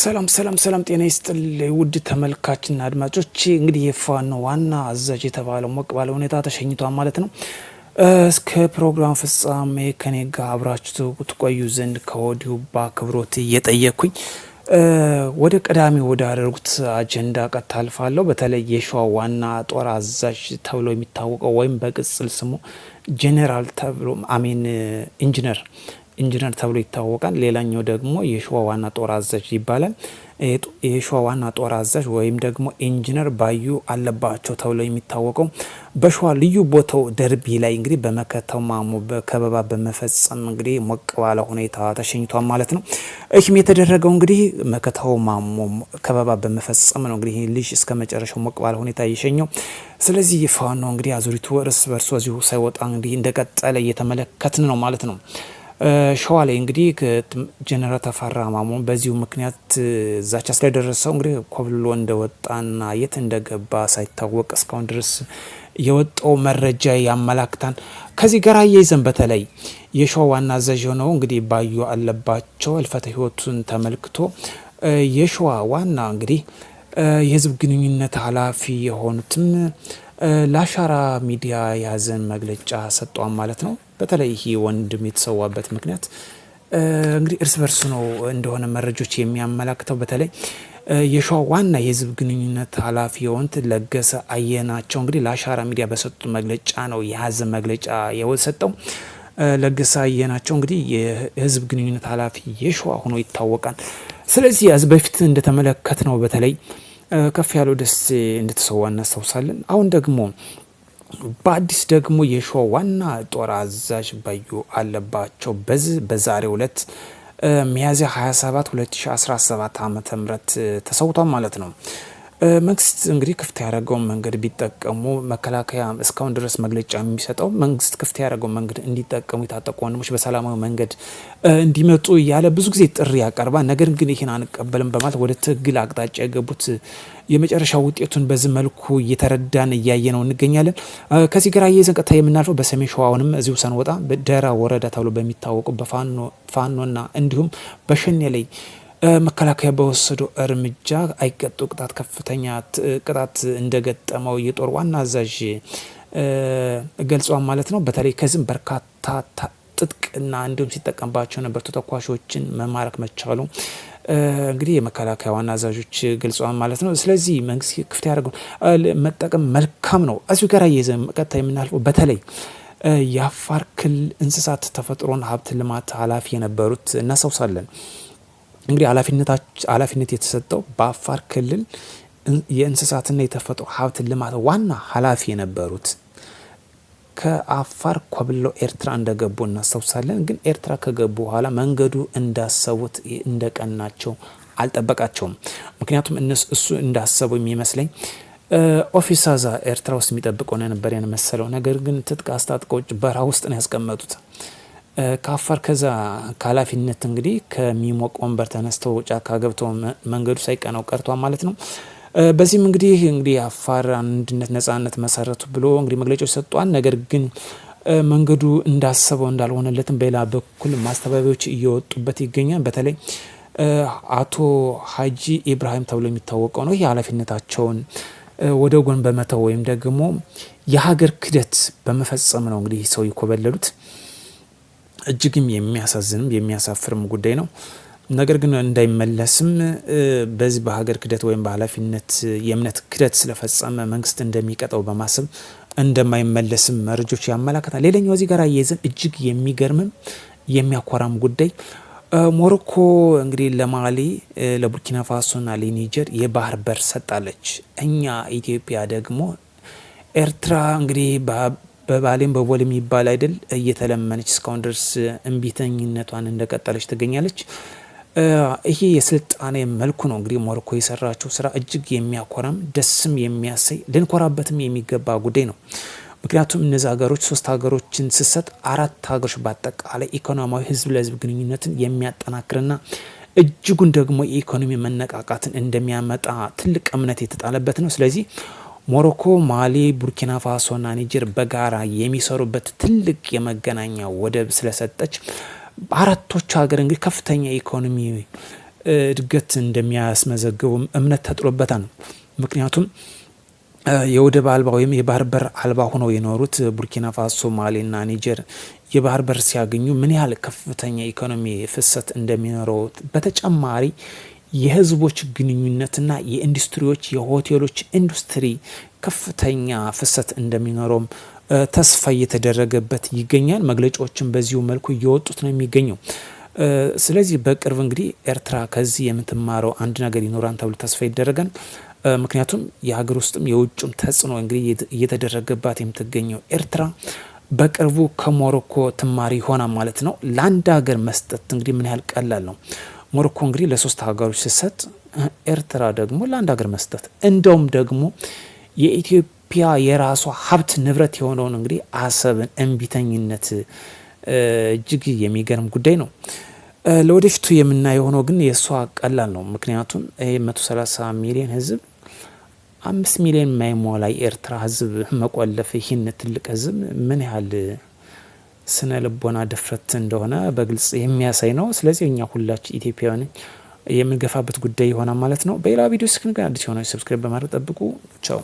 ሰላም ሰላም ሰላም፣ ጤና ይስጥል ውድ ተመልካችና አድማጮች። እንግዲህ የፋኖ ዋና አዛዥ የተባለው ሞቅ ባለ ሁኔታ ተሸኝቷል ማለት ነው። እስከ ፕሮግራም ፍጻሜ ከኔ ጋር አብራችሁ ትቆዩ ዘንድ ከወዲሁ በአክብሮት እየጠየኩኝ ወደ ቀዳሚ ወደ አደረጉት አጀንዳ ቀጥታ አልፋለሁ። በተለይ የሸዋ ዋና ጦር አዛዥ ተብሎ የሚታወቀው ወይም በቅጽል ስሙ ጄኔራል ተብሎ አሜን ኢንጂነር ኢንጂነር ተብሎ ይታወቃል። ሌላኛው ደግሞ የሸዋ ዋና ጦር አዛዥ ይባላል። የሸዋ ዋና ጦር አዛዥ ወይም ደግሞ ኢንጂነር ባዩ አለባቸው ተብሎ የሚታወቀው በሸዋ ልዩ ቦታው ደርቢ ላይ እንግዲህ በመከተው ማሙ በከበባ በመፈጸም እንግዲህ ሞቅ ባለ ሁኔታ ተሸኝቷል ማለት ነው። ይህም የተደረገው እንግዲህ መከተው ማሙ ከበባ በመፈጸም ነው። እንግዲህ ልጅ እስከ መጨረሻው ሞቅ ባለ ሁኔታ እየሸኘው ስለዚህ ፋኖ እንግዲህ አዙሪቱ እርስ በርሶ እዚሁ ሳይወጣ እንግዲህ እንደቀጠለ እየተመለከትን ነው ማለት ነው። ሸዋ ላይ እንግዲህ ጀነራል ተፈራ ማሞን በዚሁ ምክንያት ዛቻ ስለደረሰው እንግዲህ ኮብልሎ እንደወጣና የት እንደገባ ሳይታወቅ እስካሁን ድረስ የወጣው መረጃ ያመላክታል። ከዚህ ጋር አያይዘን በተለይ የሸዋ ዋና አዛዥ የሆነው እንግዲህ ባዩ አለባቸው እልፈተ ሕይወቱን ተመልክቶ የሸዋ ዋና እንግዲህ የህዝብ ግንኙነት ኃላፊ የሆኑትም ለአሻራ ሚዲያ የሀዘን መግለጫ ሰጧን ማለት ነው። በተለይ ይህ ወንድም የተሰዋበት ምክንያት እንግዲህ እርስ በርስ ነው እንደሆነ መረጆች የሚያመላክተው በተለይ የሸዋ ዋና የህዝብ ግንኙነት ኃላፊ የሆኑት ለገሰ አየናቸው እንግዲህ ለአሻራ ሚዲያ በሰጡት መግለጫ ነው የሀዘን መግለጫ የሰጠው። ለገሰ አየናቸው እንግዲህ የህዝብ ግንኙነት ኃላፊ የሸዋ ሆኖ ይታወቃል። ስለዚህ ያዝ በፊት እንደተመለከት ነው በተለይ ከፍ ያለው ደሴ እንደተሰዋ እናስታውሳለን። አሁን ደግሞ በአዲስ ደግሞ የሸዋ ዋና ጦር አዛዥ ባዩ አለባቸው በዚህ በዛሬው ዕለት ሚያዝያ 27 2017 ዓ ም ተሰውቷል ማለት ነው። መንግስት እንግዲህ ክፍት ያደረገውን መንገድ ቢጠቀሙ መከላከያ እስካሁን ድረስ መግለጫ የሚሰጠው መንግስት ክፍት ያደረገውን መንገድ እንዲጠቀሙ የታጠቁ ወንድሞች በሰላማዊ መንገድ እንዲመጡ እያለ ብዙ ጊዜ ጥሪ ያቀርባል። ነገር ግን ይህን አንቀበልም በማለት ወደ ትግል አቅጣጫ የገቡት የመጨረሻ ውጤቱን በዚህ መልኩ እየተረዳን እያየ ነው እንገኛለን። ከዚህ ጋር አያይዘን ቀጥታ የምናልፈው በሰሜን ሸዋውንም እዚሁ ሰንወጣ ደራ ወረዳ ተብሎ በሚታወቁ በፋኖና እንዲሁም በሸኔ ላይ መከላከያ በወሰደው እርምጃ አይቀጡ ቅጣት ከፍተኛ ቅጣት እንደገጠመው የጦር ዋና አዛዥ ገልጿል ማለት ነው። በተለይ ከዚህም በርካታ ትጥቅና እንዲሁም ሲጠቀምባቸው ነበር ተተኳሾችን መማረክ መቻሉ እንግዲህ የመከላከያ ዋና አዛዦች ገልጸዋል ማለት ነው። ስለዚህ መንግስት ክፍት ያደርገው መጠቀም መልካም ነው። እዚሁ ጋር እየዘን ቀጥታ የምናልፈው በተለይ የአፋር ክልል እንስሳት ተፈጥሮን ሀብት ልማት ኃላፊ የነበሩት እናሳውሳለን። እንግዲህ ኃላፊነት የተሰጠው በአፋር ክልል የእንስሳትና የተፈጥሮ ሀብት ልማት ዋና ኃላፊ የነበሩት ከአፋር ኮብለው ኤርትራ እንደገቡ እናስታውሳለን። ግን ኤርትራ ከገቡ በኋላ መንገዱ እንዳሰቡት እንደቀናቸው አልጠበቃቸውም። ምክንያቱም እሱ እንዳሰቡ የሚመስለኝ ኦፊሳዛ ኤርትራ ውስጥ የሚጠብቀው ነበር የመሰለው። ነገር ግን ትጥቅ አስታጥቀው በረሃ ውስጥ ነው ያስቀመጡት። ከአፋር ከዛ ከኃላፊነት እንግዲህ ከሚሞቅ ወንበር ተነስተው ጫካ ገብተው መንገዱ ሳይቀናው ቀርቷል ማለት ነው። በዚህም እንግዲህ እንግዲህ አፋር አንድነት ነጻነት መሰረቱ ብሎ እንግዲህ መግለጫዎች ሰጥቷል። ነገር ግን መንገዱ እንዳሰበው እንዳልሆነለትም በሌላ በኩል ማስተባበያዎች እየወጡበት ይገኛል። በተለይ አቶ ሀጂ ኢብራሂም ተብሎ የሚታወቀው ነው። ይህ ኃላፊነታቸውን ወደ ጎን በመተው ወይም ደግሞ የሀገር ክደት በመፈጸም ነው እንግዲህ ሰው ይኮበለሉት። እጅግም የሚያሳዝንም የሚያሳፍርም ጉዳይ ነው። ነገር ግን እንዳይመለስም በዚህ በሀገር ክደት ወይም በኃላፊነት የእምነት ክደት ስለፈጸመ መንግስት እንደሚቀጠው በማሰብ እንደማይመለስም መረጆች ያመላክታል። ሌላኛው እዚህ ጋር አያይዘን እጅግ የሚገርምም የሚያኮራም ጉዳይ ሞሮኮ እንግዲህ ለማሊ ለቡርኪና ፋሶና ለኒጀር የባህር በር ሰጣለች። እኛ ኢትዮጵያ ደግሞ ኤርትራ እንግዲህ በባሌም በቦል የሚባል አይደል እየተለመነች እስካሁን ድረስ እምቢተኝነቷን እንደቀጠለች ትገኛለች። ይሄ የስልጣኔ መልኩ ነው እንግዲህ ሞሮኮ የሰራችው ስራ እጅግ የሚያኮራም ደስም የሚያሰይ ልንኮራበትም የሚገባ ጉዳይ ነው። ምክንያቱም እነዚህ ሀገሮች ሶስት ሀገሮችን ስሰጥ አራት ሀገሮች በአጠቃላይ ኢኮኖሚያዊ ህዝብ ለህዝብ ግንኙነትን የሚያጠናክርና እጅጉን ደግሞ የኢኮኖሚ መነቃቃትን እንደሚያመጣ ትልቅ እምነት የተጣለበት ነው። ስለዚህ ሞሮኮ፣ ማሊ፣ ቡርኪና ና ኒጀር በጋራ የሚሰሩበት ትልቅ የመገናኛ ወደብ ስለሰጠች አራቶቹ ሀገር እንግዲህ ከፍተኛ ኢኮኖሚ እድገት እንደሚያስመዘግቡም እምነት ተጥሎበታል። ምክንያቱም የወደብ አልባ ወይም የባህር በር አልባ ሆነው የኖሩት ቡርኪና ፋሶ፣ ና ኒጀር የባህር በር ሲያገኙ ምን ያህል ከፍተኛ ኢኮኖሚ ፍሰት እንደሚኖረው በተጨማሪ የህዝቦች ግንኙነትና የኢንዱስትሪዎች የሆቴሎች ኢንዱስትሪ ከፍተኛ ፍሰት እንደሚኖረውም ተስፋ እየተደረገበት ይገኛል። መግለጫዎችን በዚሁ መልኩ እየወጡት ነው የሚገኘው። ስለዚህ በቅርብ እንግዲህ ኤርትራ ከዚህ የምትማረው አንድ ነገር ይኖራን ተብሎ ተስፋ ይደረጋል። ምክንያቱም የሀገር ውስጥም የውጭም ተጽዕኖ እንግዲህ እየተደረገባት የምትገኘው ኤርትራ በቅርቡ ከሞሮኮ ትማሪ ይሆናል ማለት ነው። ለአንድ ሀገር መስጠት እንግዲህ ምን ያህል ቀላል ነው። ሞሮኮ እንግዲህ ለሶስት ሀገሮች ስትሰጥ ኤርትራ ደግሞ ለአንድ ሀገር መስጠት እንደውም ደግሞ የኢትዮጵያ የራሷ ሀብት ንብረት የሆነውን እንግዲህ አሰብን እምቢተኝነት እጅግ የሚገርም ጉዳይ ነው። ለወደፊቱ የምናየው የሆነው ግን የእሷ ቀላል ነው። ምክንያቱም ይህ 130 ሚሊዮን ህዝብ አምስት ሚሊዮን ማይሞላ የኤርትራ ህዝብ መቆለፍ ይህን ትልቅ ህዝብ ምን ያህል ስነ ልቦና ድፍረት እንደሆነ በግልጽ የሚያሳይ ነው። ስለዚህ እኛ ሁላችን ኢትዮጵያውያን የምንገፋበት ጉዳይ ይሆናል ማለት ነው። በሌላ ቪዲዮ እስክንገናኝ አዲስ የሆነ ሰብስክራይብ በማድረግ ጠብቁ። ቻው